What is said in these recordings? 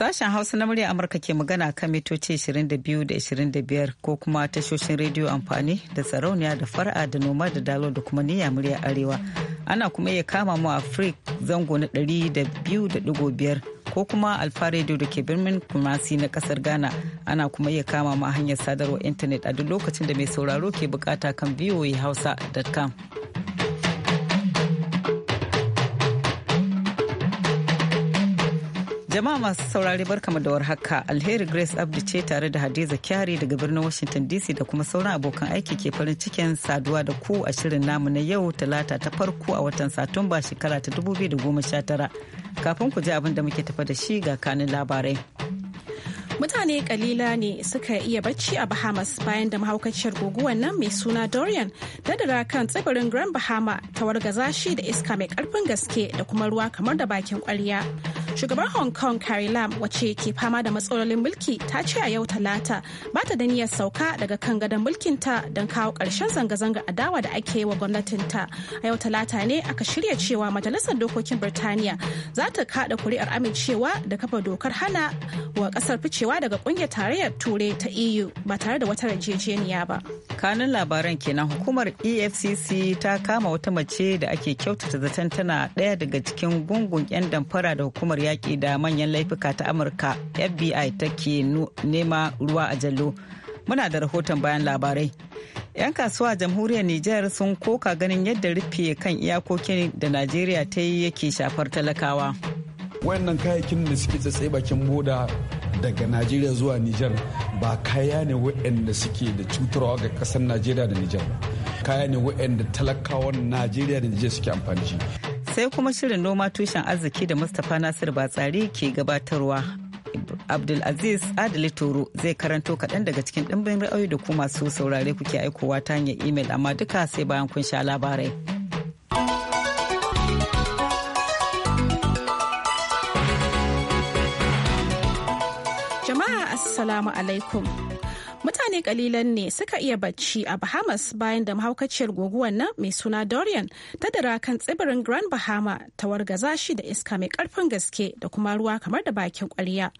Sashen Hausa na murya Amurka ke magana kan mitoci 22 da 25 ko kuma tashoshin rediyo amfani da sarauniya da fara da noma da dalo da kuma niyya murya arewa. Ana kuma iya kama mu a Freak zango na 200.5 ko kuma Alfa rediyo da ke birnin Kumasi na kasar Ghana. Ana kuma iya kama mu a hanyar sadarwar intanet a duk lokacin da mai sauraro ke bukata kan voahausa.com. Jama'a masu saurare barkama da warhaka Alheri Grace Abdi ce tare da Hadiza Kyari daga birnin Washington DC da kuma sauran abokan aiki ke farin cikin saduwa da ku a shirin namu na yau talata ta farko a watan Satumba shekara ta 2019. Kafin ku ji abin da muke tafa da shi ga kanin labarai. Mutane kalila ne suka iya bacci a Bahamas bayan da mahaukaciyar guguwar nan mai suna Dorian daga kan tsibirin Grand Bahama ta wargaza shi da iska mai karfin gaske da kuma ruwa kamar da bakin kwarya. shugabar hong kong carrie lam wace ke fama da matsalolin mulki ta ce a yau talata ba ta da niyyar sauka daga kan gadon mulkinta don kawo ƙarshen zanga-zanga a dawa da ake yi wa gwamnatinta a yau talata ne aka shirya cewa majalisar dokokin birtaniya za ta kada kuri'ar amincewa da kafa dokar hana wa kasar ficewa daga kungiyar tarayyar turai ta eu ba tare da wata yarjejeniya ba kanun labaran kenan hukumar efcc ta kama wata mace da ake kyautata zaton tana ɗaya daga cikin gungun 'yan damfara da hukumar yaƙi da manyan laifuka ta amurka fbi take nema ruwa a jallo muna da rahoton bayan labarai 'yan kasuwa jamhuriyar nijar sun koka ganin yadda rufe kan iyakokin da najeriya ta yi yake shafar talakawa wayannan kayayyakin da suke tsatsai bakin boda daga najeriya zuwa nijar ba kaya ne waɗanda suke da cutarwa ga ƙasar najeriya da nijar ba kaya ne waɗanda talakawan najeriya da nijar suke amfani sai kuma shirin noma tushen arziki da mustapha nasir batsari ke gabatarwa abdulaziz adali toro zai karanto kaɗan daga cikin ɗimbin ra'ayi da kuma su saurare kuke aikowa ta hanyar imel amma duka sai bayan kun sha labarai jama'a assalamu alaikum Mutane kalilan ne suka iya bacci a Bahamas bayan da mahaukaciyar guguwar nan mai suna Dorian ta dara kan tsibirin Grand Bahama ta wargaza shi da iska mai karfin gaske da kuma ruwa kamar da bakin kwarya.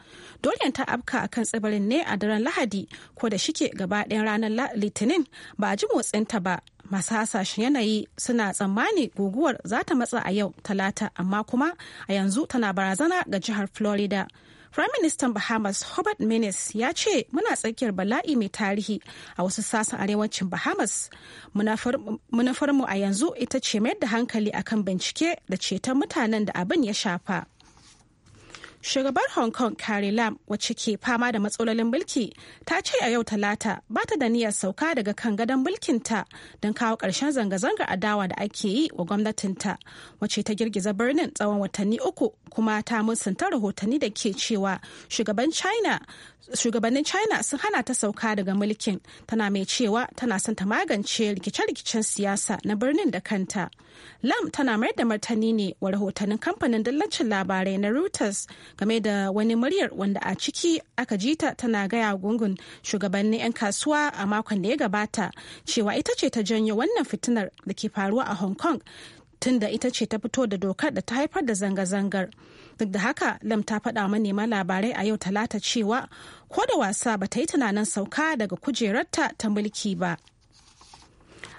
Dorian ta afka a kan tsibirin ne a daren Lahadi ko da shike gaba ɗayan ranar Litinin ba a ji motsinta ba masu hasashen yanayi suna tsammani guguwar za ta matsa a yau talata amma kuma a yanzu tana barazana ga jihar florida Prime Minister Bahamas Hubert Minis ya ce muna tsakiyar bala'i mai tarihi a wasu sassan arewacin Bahamas. Munafarmu a yanzu ita ce mayar da hankali akan bincike da ceton mutanen da abin ya shafa. Shugabar Hong Kong Carrie Lam wacce ke fama da matsalolin mulki ta ce a yau talata ba ta da niyyar sauka daga kan gadon mulkinta don kawo ƙarshen zanga-zangar adawa da ake yi wa gwamnatinta wacce ta girgiza birnin tsawon watanni uku kuma ta musanta rahotanni da ke cewa shugabannin China sun hana ta sauka daga mulkin tana mai cewa tana son ta magance rikice-rikicen siyasa na birnin da kanta. lam tana mayar da martani ne wa rahotannin kamfanin dallacin labarai na reuters game da wani muryar wanda a ciki aka jita tana gaya gungun shugabannin 'yan kasuwa a makon da ya gabata cewa ita ce ta janyo wannan fitinar da ke faruwa a hong kong tunda ita ce ta fito da dokar da ta haifar da zanga-zangar duk da haka lam ta faɗa manema labarai a yau talata cewa ko da wasa ba ta yi tunanin sauka daga kujerarta ta mulki ba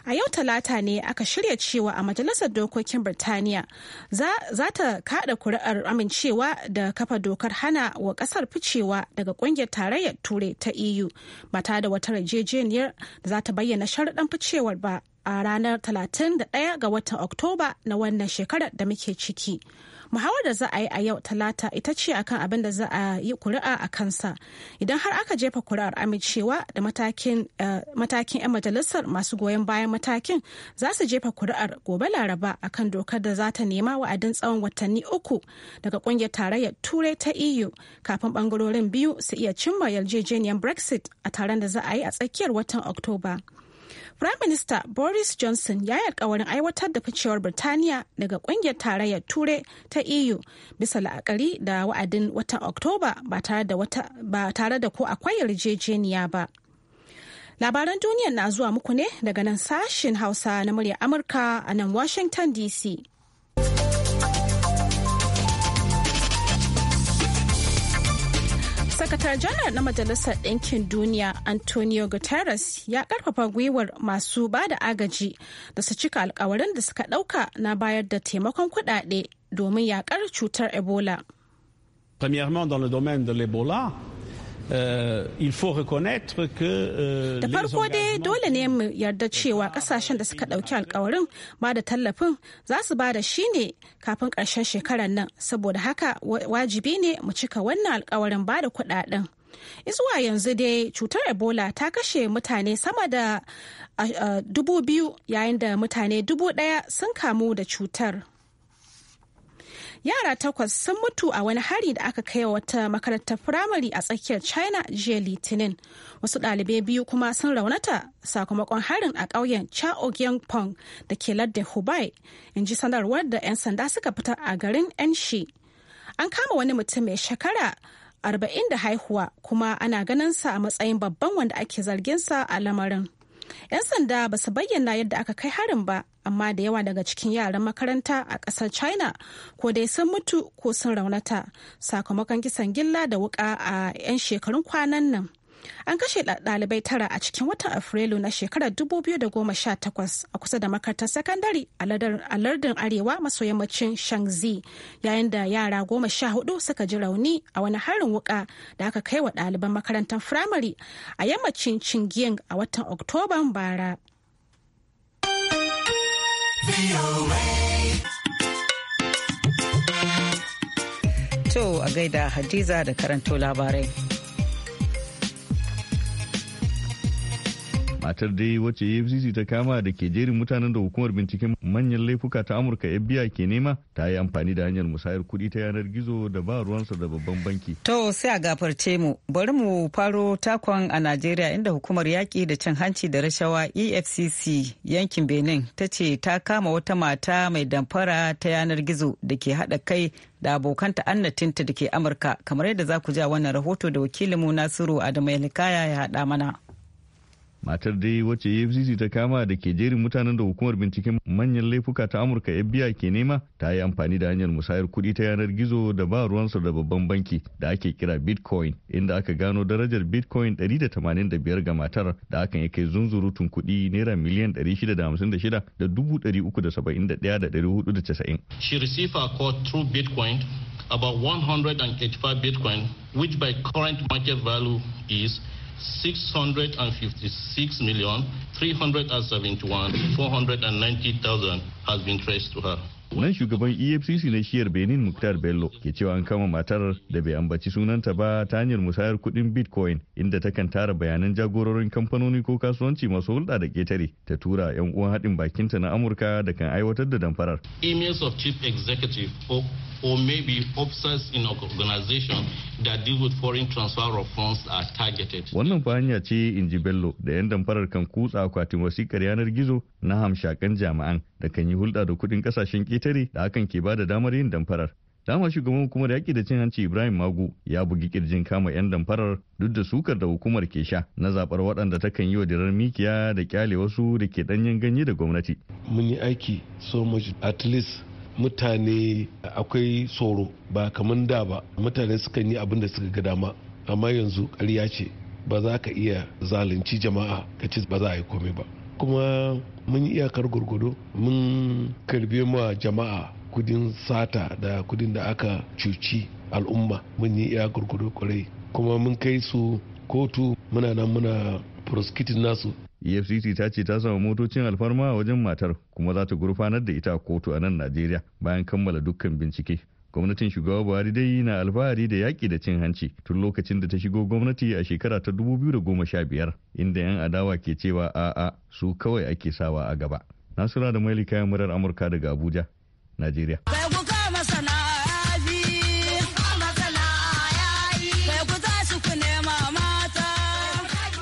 a yau talata ne aka shirya cewa a majalisar dokokin birtaniya za ta kada kuri'ar amincewa da kafa dokar hana wa kasar ficewa daga kungiyar tarayyar turai ta eu ba ta da wata yarjejeniyar da za ta bayyana sharaɗin ficewar ba a ranar 31 ga watan oktoba na wannan shekarar da muke ciki. muhawar da za a yi a yau talata ita ce akan abin da za a yi kuri'a a kansa idan har aka jefa kuri'ar amincewa da matakin 'yan eh, majalisar masu goyon bayan matakin za su jefa kuri'ar gobe laraba akan dokar da za ta nema wa'adin tsawon watanni uku daga kungiyar tarayyar turai ta eu kafin bangarorin biyu su iya cimma yarjejeniyar brexit a taron da za a yi a tsakiyar watan oktoba Prime Minister Boris Johnson ya yi alkawarin aiwatar da ficewar Birtaniya daga kungiyar tarayyar Turai ta EU bisa la'akari da wa'adin watan Oktoba ba tare da ko akwai yarjejeniya ba. Labaran duniya na zuwa muku ne daga nan sashen Hausa na murya Amurka a nan Washington DC. Sakatar janar na Majalisar Ɗinkin Duniya Antonio Guterres ya ƙarfafa gwiwar masu ba da agaji da su cika alkawarin da suka ɗauka na bayar da taimakon kuɗaɗe domin yaƙar cutar Ebola. Premièrement, dans le domaine de l'Ebola, Euh, il euh, da farko dai dole ne mu yarda cewa kasashen da suka dauki alkawarin ba da tallafin za su ba da shi ne kafin karshen shekarar nan saboda haka wajibi ne mu cika wannan alkawarin ba da kudaden zuwa yanzu dai cutar ebola ta kashe mutane sama da dubu biyu yayin da mutane dubu daya sun kamu da cutar yara takwas sun mutu a wani hari da aka kai wata makarantar firamare a tsakiyar china jiya litinin wasu ɗalibai biyu kuma sun raunata sakamakon harin a ƙauyen chaogyangpong da ke lardin hubei in ji sanarwar da 'yan sanda suka fitar a garin enshi an kama wani mutum mai shekara arba'in da haihuwa kuma ana ganin sa a matsayin babban wanda ake zargin sa a lamarin 'Yan sanda ba su bayyana yadda aka kai harin ba, amma da yawa daga cikin yaran makaranta a kasar China ko dai sun mutu ko sun raunata sakamakon kisan gilla da wuka a 'yan shekarun kwanan nan. An kashe ɗalibai tara a cikin watan Afrilu na shekarar 2018 a kusa da makarantar sakandare a lardin Arewa maso yammacin Shangzi yayin da yara goma sha hudu suka ji rauni a wani harin wuka da aka kai wa ɗaliban makarantar firamare a yammacin Chingiyang a watan Oktoban bara. To a gaida Hadiza da karanto labarai. matar dai wacce afcc ta kama da ke jerin mutanen da hukumar binciken manyan laifuka ta amurka fbi ke nema ta yi amfani da hanyar musayar kuɗi ta yanar gizo da ba ruwansa da babban banki to sai a gafarce mu bari mu faro takon a najeriya inda hukumar yaƙi da cin hanci da rashawa efcc yankin benin ta ce ta kama wata mata mai damfara ta yanar gizo da ke haɗa kai da abokan ta'annatinta da ke amurka kamar yadda za ku ja wannan rahoto da wakilinmu nasiru adamu Yalikaya ya haɗa mana matar dai wacce afcc e ta kama da ke jerin mutanen da hukumar binciken manyan laifuka ta amurka fbi ke nema ta yi amfani da hanyar musayar kuɗi ta yanar gizo da ba ruwansa da babban banki da ake kira bitcoin inda aka gano darajar bitcoin 185 ga matar da hakan ya kai zunzurutun kuɗi naira miliyan 656 da 371,490 she received a call through bitcoin about 185 bitcoin which by current market value is 656 has been traced to her. shugaban EFCC na shiyar Benin Muktar Bello ke cewa an kama matar da bai ambaci sunanta ba ta hanyar musayar kudin Bitcoin inda takan tara bayanan jagororin kamfanoni ko kasuwanci masu hulɗa da ketare ta tura 'yan uwan haɗin bakinta na Amurka da kan aiwatar da damfarar. Emails of chief executive or maybe officers in organization that deal with foreign transfer of funds are targeted. Wannan fa hanya ce in ji Bello da 'yan damfarar kan kutsa akwatin wasikar yanar gizo na hamshakan jami'an da kan yi hulɗa da kuɗin ƙasashen ƙetare da hakan ke ba da damar yin damfarar. Dama shugaban hukumar yaƙi da cin hanci Ibrahim Magu ya bugi kirjin kama 'yan damfarar duk da sukar da hukumar ke sha na zaɓar waɗanda ta kan yi wa dirar mikiya da kyale wasu da ke ɗanyen ganye da gwamnati. Mun yi aiki so much at least mutane akwai tsoro ba kamar da ba mutane sukan yi abin da suka ga dama amma yanzu ƙarya ce ba za ka iya zalunci jama'a ka ci ba za a yi komai ba kuma mun yi iyakar gurgudu mun karbe ma jama'a kudin sata da kudin da aka cuci al'umma mun yi iya gurgudu kwarai kuma mun kai su kotu muna nan muna prosecuting nasu efcc ta ce ta samu motocin alfarma a wajen matar kuma za ta gurfanar da ita kotu a nan najeriya bayan kammala dukkan bincike gwamnatin shugaba buhari dai na alfahari da yaƙi da cin hanci tun lokacin da ta shigo gwamnati a shekara ta 2015 inda 'yan adawa ke cewa a'a su kawai ake sawa a gaba nasura da kayan murar amurka daga abuja najeriya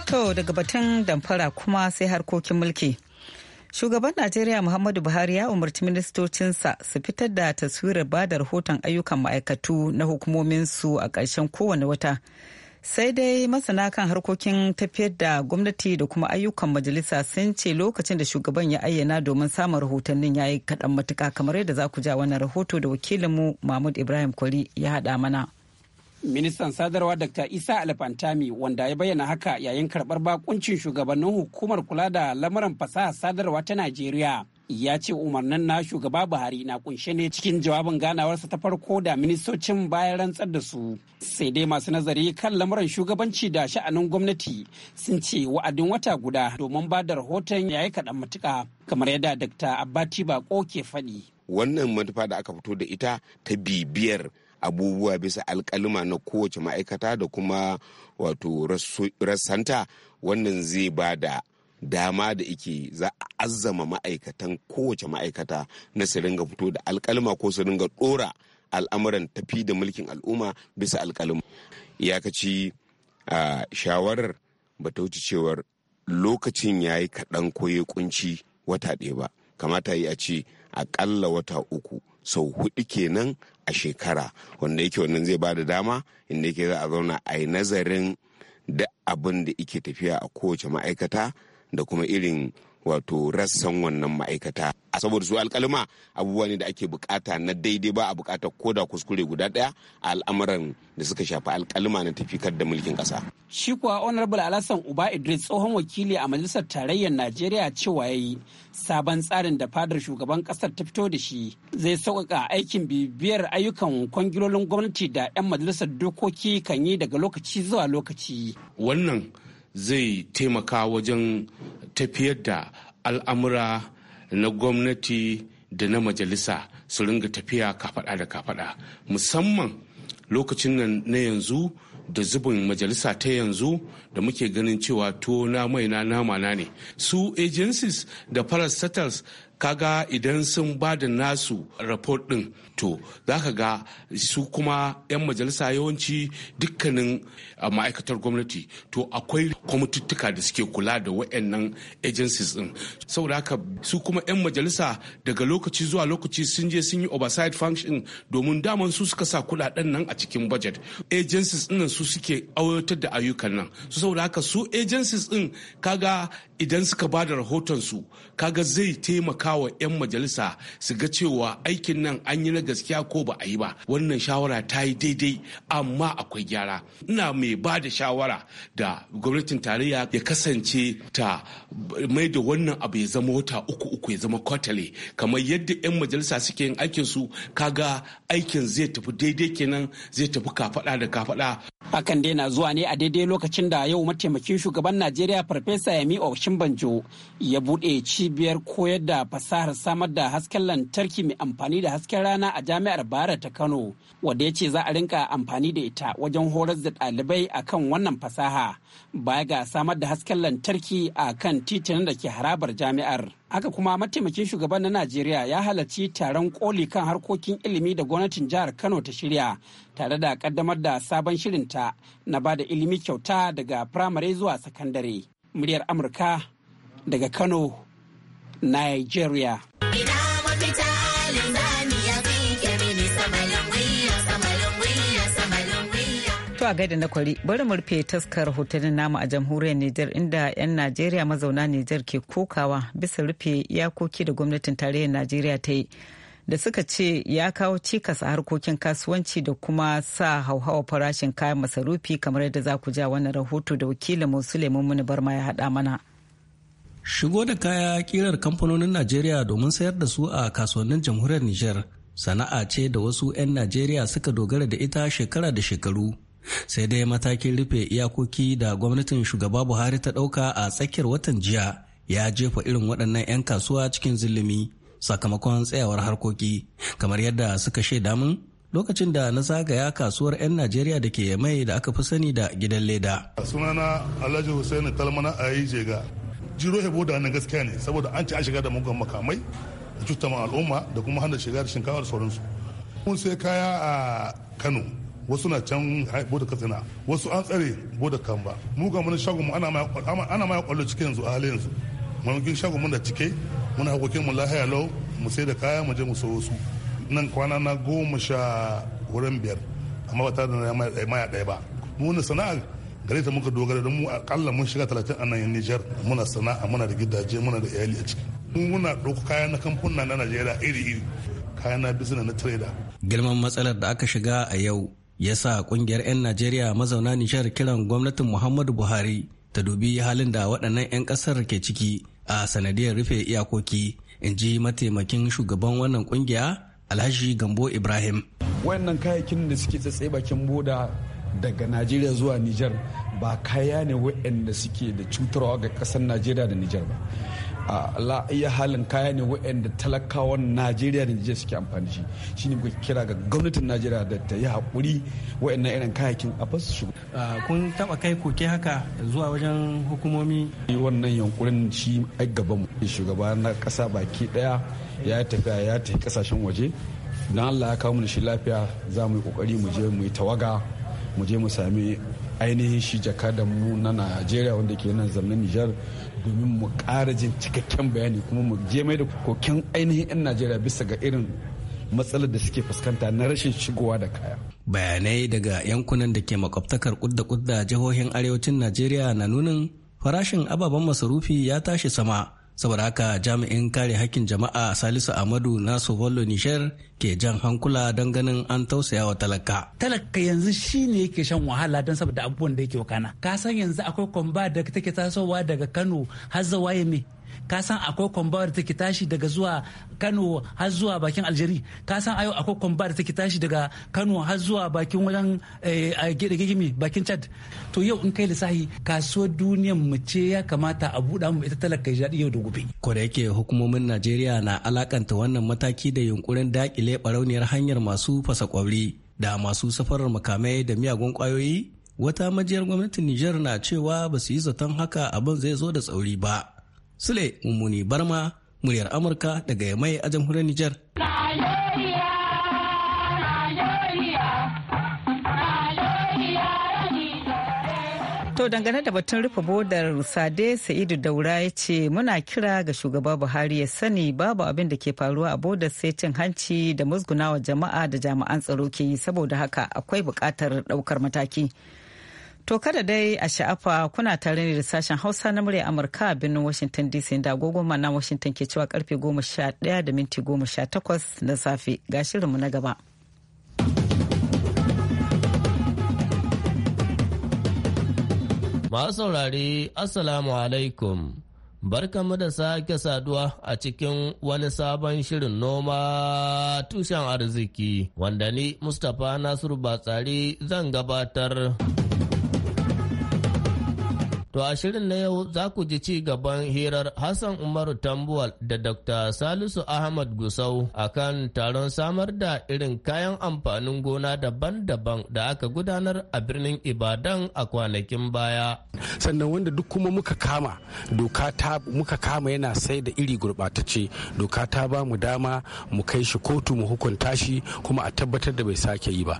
To daga batun damfara kuma sai harkokin mulki. Shugaban Najeriya Muhammadu Buhari ya umarci ministocinsa su fitar da taswirar ba da rahoton ayyukan ma'aikatu na hukumominsu a ƙarshen kowane wata. Sai dai masana kan harkokin tafiyar da gwamnati da kuma ayyukan majalisa sun ce lokacin da shugaban ya ayyana domin samun rahotannin ya yi kaɗan matuka kamar yadda za ku ja wannan rahoto da wakilinmu Mahmud Ibrahim Kwari ya haɗa mana. Ministan sadarwa Dr. Isa Alfantami wanda ya bayyana haka yayin karɓar bakuncin shugabannin hukumar kula da lamuran fasaha sadarwa ta Najeriya. Ya ce umarnin na shugaba Buhari na kunshe ne cikin jawabin ganawarsa ta farko da ministocin bayan rantsar da su. Sai dai masu nazari kan lamuran shugabanci da sha'anin gwamnati sun ce wa'adin wata guda domin ba da rahoton yayi kaɗan matuƙa kamar yadda Dr. Abbati Bako ke faɗi. Wannan manufa da aka fito da ita ta bibiyar abubuwa bisa alkalima na kowace ma'aikata da kuma wato rassanta wannan zai ba da dama da ike za a azama ma'aikatan kowace ma'aikata na su fito da alkalima ko su ringa dora al'amuran tafi da mulkin al'umma bisa alkalima iyakaci a shawarar ba ta wuce cewar lokacin ya yi kaɗan koye kunci wata ɗaya ba kamata yi a ce aƙalla wata uku sau huɗu kenan a shekara wanda yake wannan zai ba da dama inda yake za a zauna a yi nazarin da abin da ike tafiya a kowace ma'aikata da kuma irin wato rassan wannan ma'aikata A saboda su alkalima abubuwa ne da ake bukata na daidai ba a bukatar koda kuskure guda daya a al'amuran da suka shafi alkalima na tafikar da mulkin kasa shi kuwa honorable alasan uba idris tsohon wakili a majalisar tarayyar najeriya cewa ya yi sabon tsarin da fadar shugaban kasar ta fito da shi zai sauƙaƙa aikin bibiyar ayyukan kwangilolin gwamnati da 'yan majalisar dokoki kan yi daga lokaci zuwa lokaci wannan zai taimaka wajen tafiyar da al'amura na gwamnati da na majalisa su ringa tafiya kafada da kafada musamman lokacin nan na yanzu da zubin majalisa ta yanzu da muke ganin cewa to na mai na nama na ne su agencies da parastatals kaga idan sun ba da nasu report din to za ka ga su kuma 'yan majalisa yawanci dukkanin ah, ma'aikatar gwamnati to akwai kwamituttuka da suke kula da wa'annan agencies din saboda haka su kuma 'yan majalisa daga lokaci zuwa lokaci sun je sun yi oversight function domin daman su suka sa kudaden nan a cikin budget agencies din su suke aiwatar da ayyukan nan su saboda haka su agencies din kaga idan suka ba da rahoton su kaga zai taimaka wa 'yan majalisa su ga cewa aikin nan an yi na gaskiya ko ba a yi ba wannan shawara ta yi daidai amma akwai gyara ina mai ba da shawara da gwamnatin tarayya ya kasance ta mai da wannan abu ya zama wata uku uku ya zama kwatale kamar yadda 'yan majalisa suke yin aikin su kaga aikin zai tafi daidai kenan zai tafi kafada da kafada hakan dai na zuwa ne a daidai lokacin da yau mataimakin shugaban najeriya farfesa yami oshin banjo ya buɗe cibiyar koyar da fasahar samar da hasken lantarki mai amfani da hasken rana a jami'ar Bara ta Kano wadda ya ce za a rinka amfani da ita wajen horar da ɗalibai a kan wannan fasaha baya ga samar da hasken lantarki a kan titinan da ke harabar jami'ar. Haka kuma mataimakin shugaban na Najeriya ya halarci taron koli kan harkokin ilimi da gwamnatin jihar Kano ta shirya tare da kaddamar da sabon shirinta na ba da ilimi kyauta daga firamare zuwa sakandare. Muryar Amurka daga Kano, Nigeria. a gaida na kwari bari mu rufe taskar hotunan namu a jamhuriyar Nijar inda 'yan Najeriya mazauna Nijar ke kokawa bisa rufe iyakoki da gwamnatin tarayyar Najeriya ta yi. Da suka ce ya kawo cikas a harkokin kasuwanci da kuma sa hauhawa farashin kayan masarufi kamar yadda za ku ja wannan rahoto da wakilin Suleiman Muni Barma ya hada mana. Shigo da kaya kirar kamfanonin Najeriya domin sayar da su a kasuwannin jamhuriyar Nijar sana'a ce da wasu 'yan Najeriya suka dogara da ita shekara da shekaru. sai dai matakin rufe iyakoki da gwamnatin shugaba buhari ta ɗauka a tsakiyar watan jiya ya jefa irin waɗannan 'yan kasuwa cikin zulumi sakamakon tsayawar harkoki kamar yadda suka shaida mun lokacin da na zagaya kasuwar 'yan najeriya da ke mai da aka fi sani da gidan leda sunana alhaji hussein talmana a yi jega jiro hebo da wannan gaskiya ne saboda an ci an shiga da mugan makamai da cuta al'umma da kuma hana shiga da shinkawar sauransu mun sai kaya a kano wasu na can eh, bude katsina wasu an tsare bude kamba mu ga mun shagon mu ana ma kwallo cikin yanzu a halin yanzu gin shagon mun da cike muna hakokin mu lahiya lau mu sai da kaya mu je mu sayo su nan kwana na goma sha wurin biyar amma ba ta da maya ɗaya ba mu wani sana'a gare ta muka dogara don mu akalla mun shiga talatin a nan Nijar muna sana'a muna da gidaje muna da iyali a ciki muna ɗauko kaya na kamfuna na Najeriya iri-iri kayan na bisina na trader girman matsalar da aka shiga a yau ya sa kungiyar 'yan najeriya mazauna nishar kiran gwamnatin muhammadu buhari ta dubi halin da waɗannan 'yan ƙasar ke ciki a sanadiyar rufe iyakoki in ji mataimakin shugaban wannan kungiya alhaji gambo ibrahim wayannan kayakin da suke tsaye bakin boda daga najeriya zuwa nijar ba kaya ne wayanda suke da cutarwa ga ƙasar najeriya da nijar ba la iya halin kaya ne waɗanda talakawan najeriya da jiya suke amfani shi shine muka kira ga gwamnatin najeriya da ta yi haƙuri waɗannan irin kayakin a basu shi kun taɓa kai koke haka zuwa wajen hukumomi wannan yankurin shi ai gabanmu shugaba na ƙasa baki ɗaya ya tafiya ya tafi ƙasashen waje don allah ya kawo mu shi lafiya za mu yi ƙoƙari mu je mu yi tawaga mu je mu sami ainihin shi jakadan mu na najeriya wanda ke nan zamanin nijar domin mu ƙara jin cikakken bayani kuma mu je mai da koken ainihin 'yan najeriya bisa ga irin matsalar da suke fuskanta na rashin shigowa da kaya. Bayanai daga yankunan da ke makwabtakar kudda kudda jihohin arewacin Najeriya na nunin farashin ababen masarufi ya tashi sama saboda haka jami'in kare hakkin jama'a salisu amadu nasu wallo nishar ke jan hankula don ganin an tausaya wa talaka talaka yanzu shine yake shan wahala don saboda abubuwan da yake wakana ka san yanzu akwai kwamba da take tasowa daga kano har zawaye mai. ka san akwai kwamba da take tashi daga zuwa kano har zuwa bakin aljeri ka san ayo akwai kwamba da take tashi daga kano har zuwa bakin wajen eh, gigimi bakin chad to yau in kai lissahi kasuwar duniyar mu ce ya kamata a buɗa mu ita talaka jadi yau da gobe ko da yake hukumomin najeriya na alakanta wannan mataki da yunkurin dakile barauniyar hanyar masu fasa kwauri da masu safarar makamai da miyagun kwayoyi wata majiyar gwamnatin Nijar na cewa ba su yi zaton haka abin zai zo da tsauri ba Sule Mummuni Barma, muryar Amurka daga Yamai a jamhuriyar Nijar. To dangane da batun rufe bodar Sade Sa'idu Daura ya ce muna kira ga shugaba Buhari ya sani babu abin da ke faruwa a bodar sai cin hanci da musgunawa jama'a da jami'an tsaro ke yi saboda haka akwai bukatar daukar mataki. To kada dai a sha'afa kuna tare ne da sashen Hausa na murya Amurka a birnin Washington DC da agogo mana Washington ke cewa karfe 11 da minti 18 na safe ga shirinmu na gaba. Masu saurari Assalamu alaikum. Barkanmu da sake saduwa a cikin wani sabon shirin noma tushen arziki wanda ni Mustapha Nasiru Batsari zan gabatar. To a shirin na yau za ku ji ci gaban hirar Hassan Umaru Tambuwal da Dr. Salisu Ahmad Gusau a kan taron samar da irin kayan amfanin gona daban-daban da aka gudanar a birnin Ibadan a kwanakin baya. Sannan wanda duk kuma muka kama doka ta muka kama yana sai da iri gurɓatacce doka ta ba mu dama mu kai shi kotu mu hukunta shi kuma a tabbatar da bai sake yi ba.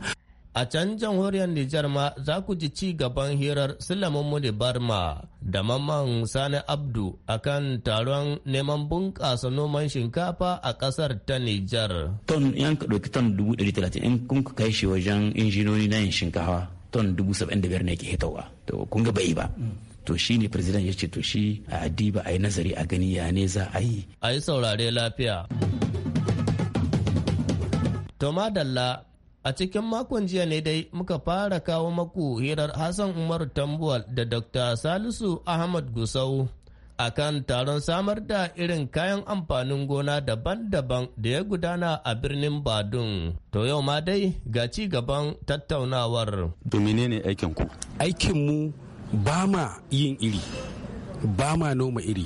A can jamhuriyar Nijar ma za ku ji ci gaban hirar Sulaiman Barma da Mamman Sani Abdu akan taron neman bunƙasa noman shinkafa a ƙasar ta Nijar. Ton yan ka ɗauki ton dubu ɗari talatin in kun ka kai shi wajen injinoni na yin shinkafa ton dubu saba'in da biyar ne ke hitowa. To kun ga bai ba. to shi ne president ya ce to shi a diba a yi nazari a gani ya ne za a yi. A yi saurare lafiya. Toma Dalla A cikin makon jiya ne dai muka fara kawo maku hirar Hassan Umar Tambuwal da Dr. Salisu Ahmad Gusau a kan taron samar da irin kayan amfanin gona daban-daban da ya gudana a birnin Badun. To yau ma dai ga ci gaban tattaunawar. domin ne aikinku? Aikinmu ba ma yin iri. ba ma noma iri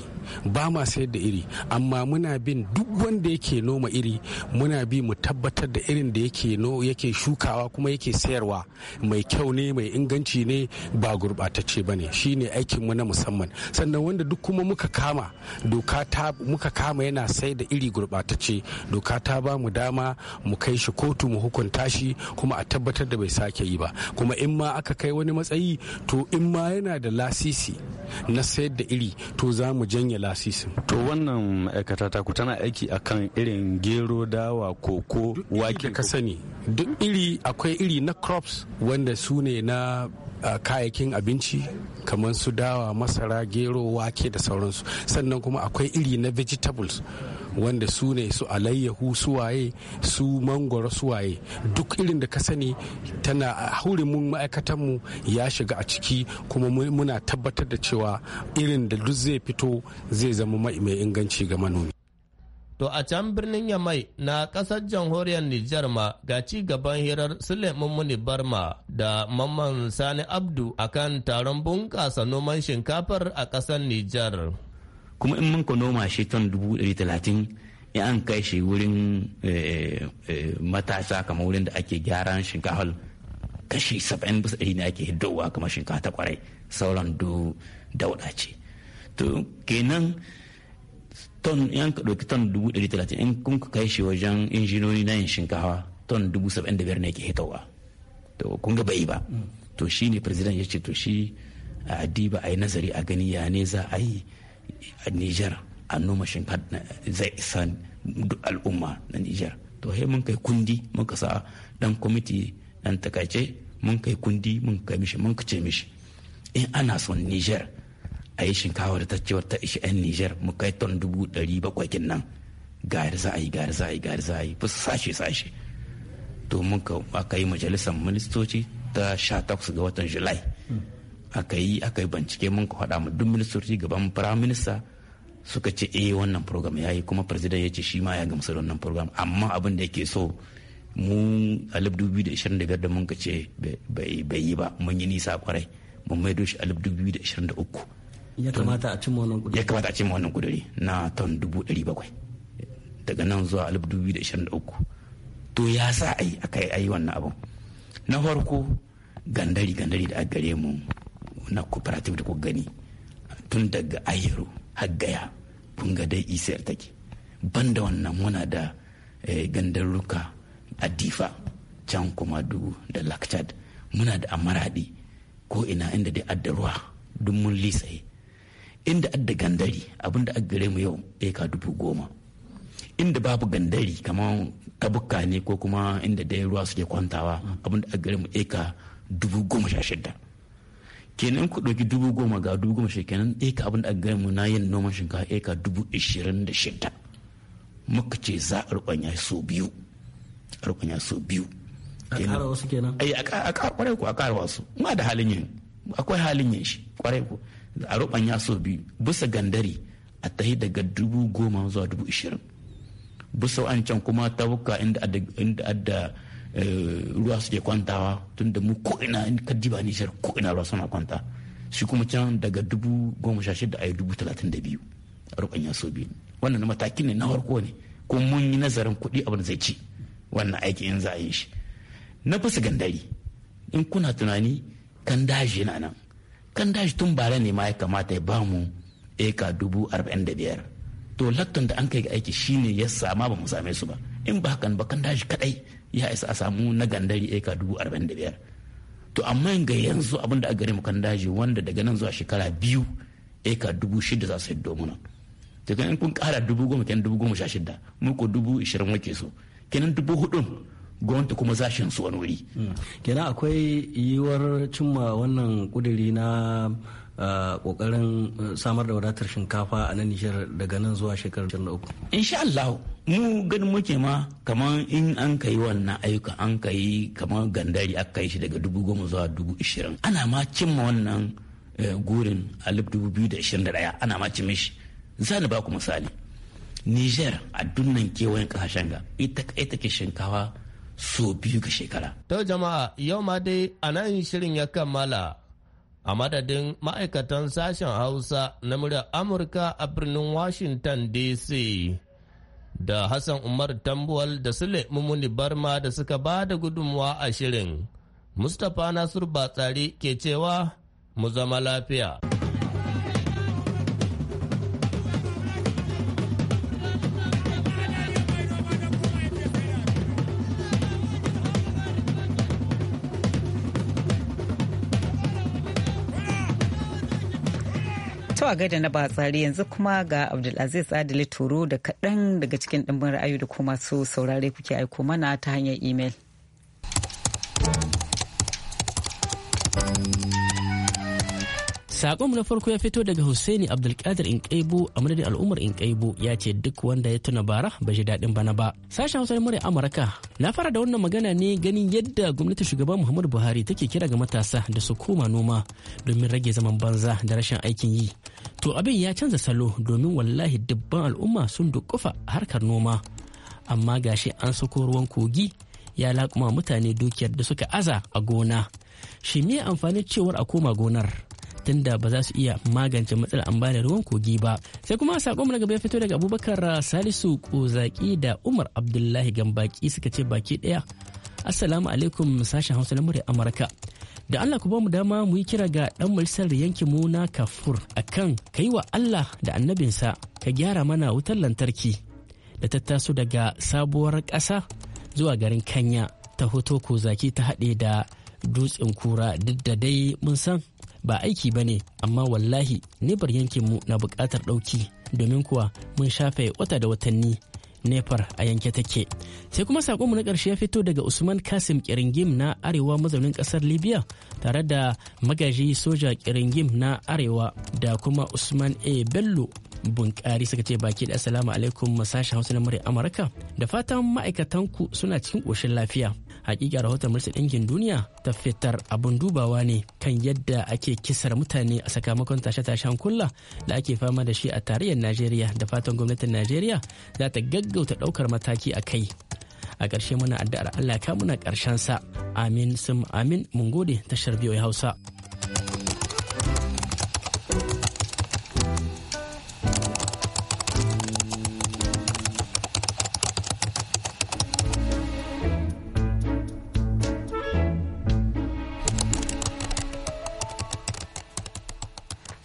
ba ma sayar da iri amma muna bin duk wanda yake noma iri muna bi mu tabbatar da irin da yake no yake shukawa kuma yake sayarwa mai kyau ne mai inganci ne ba gurbatacce ba ne shine aikin mu na musamman sannan wanda duk kuma muka kama doka ta muka kama yana sayar da iri gurbatacce doka ta ba mu dama mu kai shi kotu mu hukunta shi kuma a tabbatar da bai sake yi ba kuma in ma aka kai wani matsayi to in ma yana da lasisi na sayar da da iri to za mu janye lasisin to wannan ma'aikata ta tana aiki akan irin gero dawa koko wake ka sani duk iri akwai iri na crops wanda su ne na Uh, abinci kamar su dawa masara gero wake da sauransu sannan kuma akwai iri na vegetables wanda su ne su alayyahu suwaye su mangoro suwaye duk irin da ka sani tana haurin mun ma'aikatanmu ya shiga a ciki kuma muna tabbatar da cewa irin da duk zai fito zai zama mai inganci ga manomi To a can birnin Yamai na kasar jamhuriyar Nijar ma ga ci gaban hirar Suleiman Muni Barma da Mamman Sani Abdu akan taron bunƙasa noman shinkafar a ƙasar Nijar. kuma in mun ka noma shi ton dubu ɗari talatin in an kai shi wurin eh, eh, matasa kamar wurin da ake gyaran shinkafa kashi saba'in bisa ɗari ne ake hidowa kamar shinkafa ta kwarai sauran do dauɗa ce to kenan ton in ka ɗauki ton dubu ɗari talatin in kun ka kai shi wajen injinoni na yin shinkafa ton dubu saba'in da biyar ne ke hitowa to kun ga bai ba mm. to shi ne president ya ce to shi a adiba a yi nazari a gani ya ne za a yi a Nijar a noma shinkafa zai isa al'umma na Nijar. To he mun kai kundi mun ka sa dan kwamiti dan takaice mun kai kundi mun kai mishi mun ce mishi in ana son Nijar a yi shinkawa da ta ta ishi 'yan Nijar mu kai ton dubu ɗari bakwai kin nan gari za a yi gari za a yi gari za a yi ba sashe sashe to mun ka aka yi majalisar ministoci ta 18 ga watan Julai aka yi aka yi bincike mun ka faɗa mu duk ministoci gaban prime minister suka ce eh wannan program yayi kuma president ya ce shi ma ya gamsu da wannan program amma abin da yake so mu a 2025 da mun ka ce bai yi ba mun yi nisa kwarai mun maido shi a 2023 ya kamata a cimma wannan kuduri ya kamata a cimma wannan kuduri na ton 700 daga nan zuwa 2023 to ya sa ai aka yi wannan abin na farko gandari gandari da a gare mu na cooperative da ku gani tun daga ayero haggaya kun ga dai isiyar e take da wannan muna da eh, gandarruka a difa can kuma dugu da lakchad muna da amaradi ko ina inda dai adda ruwa duk mun lisaye inda adda gandari abinda a gare mu yau eka dubu goma inda babu gandari kamar tabuka ne ko kuma inda dai ruwa suke kwantawa abinda a gare mu eka dubu goma sha shida kenan ku ɗauki dubu goma ga dubu goma shekenan eka abin da aka gani mu na yin noman shinkafa eka dubu ishirin da shida muka ce za a rubanya so biyu a rubanya so biyu a ƙara wasu kenan ai eh, a ƙara kwarai ku a ƙara wasu ma da halin yin akwai halin yin shi kwarai ku a rubanya so biyu bisa gandari a tahi daga dubu goma zuwa dubu ishirin bisa an can kuma tabuka inda adda Eh, ruwa suke kwantawa tun da mu ko'ina in ka diba nishar ko'ina ruwa suna kwanta shi kuma can daga dubu goma sha shida a yi dubu talatin da biyu a rukanya so biyu wannan na matakin ne na farko ne ko mun yi nazarin kuɗi abin zai ci wannan aiki in za a yi shi na fasa gandari in kuna tunani kan daji na nan kan daji tun bara ne ma ya kamata ya ba mu eka dubu arba'in da biyar to lakton da an kai aiki shine ya sama ba mu same su ba in ba hakan ba kan daji kadai ya isa a samu na gandari eka dubu arba'in da biyar to amma ga yanzu abin da a gare mu kan daji wanda daga nan zuwa shekara biyu eka dubu shida za su yi mana to kan kun kara dubu goma kenan dubu goma sha shida mu ko dubu ishirin wake so kenan dubu hudu gwamnati kuma za su wani wuri. Hmm. kenan akwai yiwuwar cimma wannan kuduri na uh, kokarin uh, samar da wadatar shinkafa a nan nijar daga nan zuwa shekarar 23. insha Allah mu ganin muke ma kamar in an kai wannan ayyuka an kai kamar gandari aka yi shi daga dubu goma zuwa dubu ishirin ana ma cimma wannan eh, gurin alif dubu biyu da ishirin da daya ana ma cimma shi zani ba ku misali niger a dunnan kewayen kasashen ga ita kai take shinkawa so biyu ga shekara to jama'a yau ma dai a nan shirin ya kammala a madadin ma'aikatan sashen hausa na murya amurka a birnin washington dc da Hassan Umar Tambuwal da Sule Mumuni Barma da suka ba da gudunmuwa a shirin. Mustapha Nasiru Batsari ke cewa mu zama lafiya. To a gaida na ba tsari yanzu kuma ga Abdulaziz Adili Toro da kaɗan daga cikin ɗimbin ra'ayi da kuma su saurare kuke aiko mana ta hanyar imel. Sakon na farko ya fito daga Hussaini Abdulkadir Inkaibu a madadin al'ummar Inkaibu ya ce duk wanda ya tuna bara bai shi daɗin bana ba. Sashen Hausa murya Amurka na fara da wannan magana ne ganin yadda gwamnatin shugaban Muhammadu Buhari take kira ga matasa da su koma noma domin rage zaman banza da rashin aikin yi. to abin ya canza salo domin wallahi dubban al'umma sun dukufa harkar noma amma gashi an sako ruwan kogi ya laƙuma mutane dukiyar da suka aza a gona shi me amfanin cewar a koma gonar tunda ba za su iya magance matsalar ambaliyar ruwan kogi ba sai kuma saƙon na gaba ya fito daga abubakar salisu kozaki da umar abdullahi gambaki suka ce baki ɗaya assalamu alaikum sashen hausa na murya amurka da Allah ku ba mu dama mu yi kira ga dan majalisar yankin mu na Kafur akan kai wa Allah da annabinsa ka gyara mana wutar lantarki da ta taso daga sabuwar ƙasa zuwa garin Kanya ta hoto ko zaki ta haɗe da dutsen kura duk da dai mun san ba aiki ba ne amma wallahi nebar yankinmu na buƙatar ɗauki domin kuwa mun shafe wata da watanni nefar a yanke take sai kuma sakonmu na ƙarshe ya fito daga usman kasim kiringim na arewa mazaunin ƙasar libya tare da magaji soja kiringim na arewa da kuma usman a bello bunkari suka ce baki da assalamu alaikum masashen hausa na murya amurka da fatan ma'aikatanku suna cikin ƙoshin lafiya hakika rahoton majalisar ɗinkin duniya ta fitar abun dubawa ne kan yadda ake kisar mutane a sakamakon tashe-tashen kulla da ake fama da shi a tarayyar najeriya da fatan gwamnatin najeriya za ta gaggauta ɗaukar mataki a kai a ƙarshe muna addu'ar allah ka muna ƙarshen sa amin sun amin mun gode tashar biyu hausa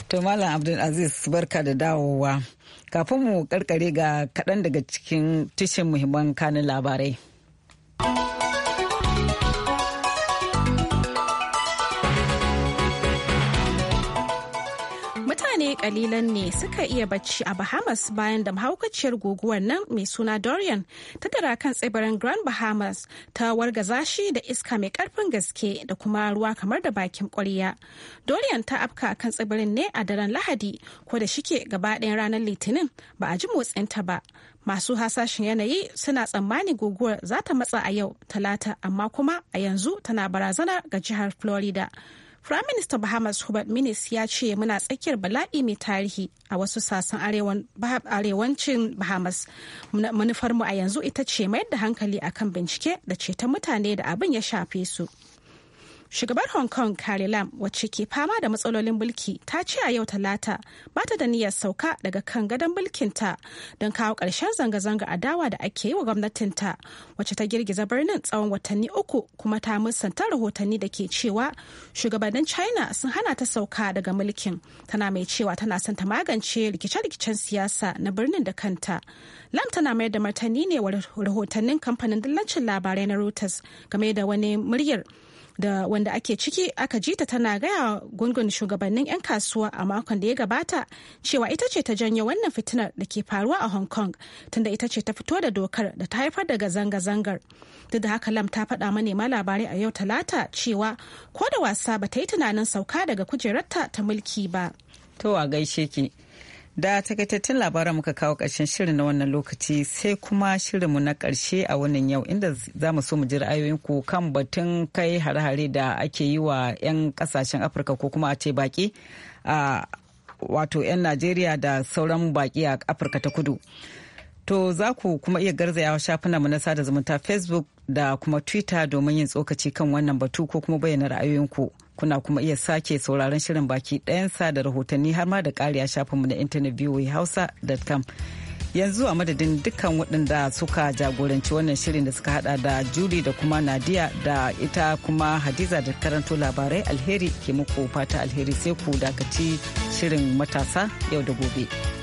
To Malam Abdulaziz barka da dawowa. Kafin mu karkare ga kaɗan daga cikin tushen muhimman kanin labarai. kalilan ne suka iya bacci a Bahamas bayan da mahaukaciyar guguwar nan mai suna Dorian ta dara kan tsibirin Grand Bahamas ta wargaza shi da iska mai karfin gaske da kuma ruwa kamar da bakin kwarya Dorian ta afka kan tsibirin ne a daren Lahadi ko da shike gaba ɗayan ranar Litinin ba a ji motsinta ba. masu hasashen yanayi suna tsammanin guguwar za ta matsa a yau talata amma kuma a yanzu tana barazana ga jihar florida Prime Minister Bahamas Hubert Minis ya ce muna tsakiyar bala'i mai tarihi a wasu sassan arewancin Bahamas. Manufarmu a yanzu ita ce mayar da hankali akan bincike da ceton mutane da abin ya shafe su. Shugabar Hong Kong Carrie Lam wacce ke fama da matsalolin mulki ta ce a yau talata ba ta da niyyar sauka daga kan gadon mulkinta don kawo karshen zanga-zanga a dawa da ake yi wa gwamnatinta wacce ta girgiza birnin tsawon watanni uku kuma ta musanta rahotanni da ke cewa shugabannin China sun hana ta sauka daga mulkin tana mai cewa tana son ta magance rikice-rikicen siyasa na birnin da kanta. Lam tana mayar da martani ne wa rahotannin kamfanin dillancin labarai na Reuters game da wani muryar da wanda ake ciki aka ji ta tana gaya gungun shugabannin 'yan kasuwa a makon da ya gabata cewa ita ce ta janyo wannan fitinar da ke faruwa a hong kong tunda ita ce ta fito da dokar da ta haifar daga zanga-zangar duk da haka lam ta faɗa manema labarai a yau talata cewa ko da wasa ba ta yi tunanin sauka daga kujerarta ta mulki ba to a gaishe Da takaitattun labaran muka kawo ƙarshen shirin na wannan lokaci sai kuma shirinmu na ƙarshe a wannan yau inda za mu so mu ji ra'ayoyinku kan batun kai hare-hare da ake yi wa 'yan kasashen Afirka ko kuma a ce baƙi a wato 'yan Najeriya da sauran baƙi a Afirka ta kudu. To za ku kuma iya garzayawa shafinanmu na sada zumunta Facebook da kuma Twitter domin yin tsokaci kan wannan batu ko kuma bayyana ra'ayoyinku. kuna kuma iya sake sauraron shirin baki ɗayansa da rahotanni har ma da ƙari a shafinmu na intanet hausa.com yanzu a madadin dukkan waɗanda suka jagoranci wannan shirin da suka hada da juli da kuma nadia da ita kuma hadiza da karanto labarai alheri ke muku fata alheri sai ku dakaci shirin matasa yau da gobe.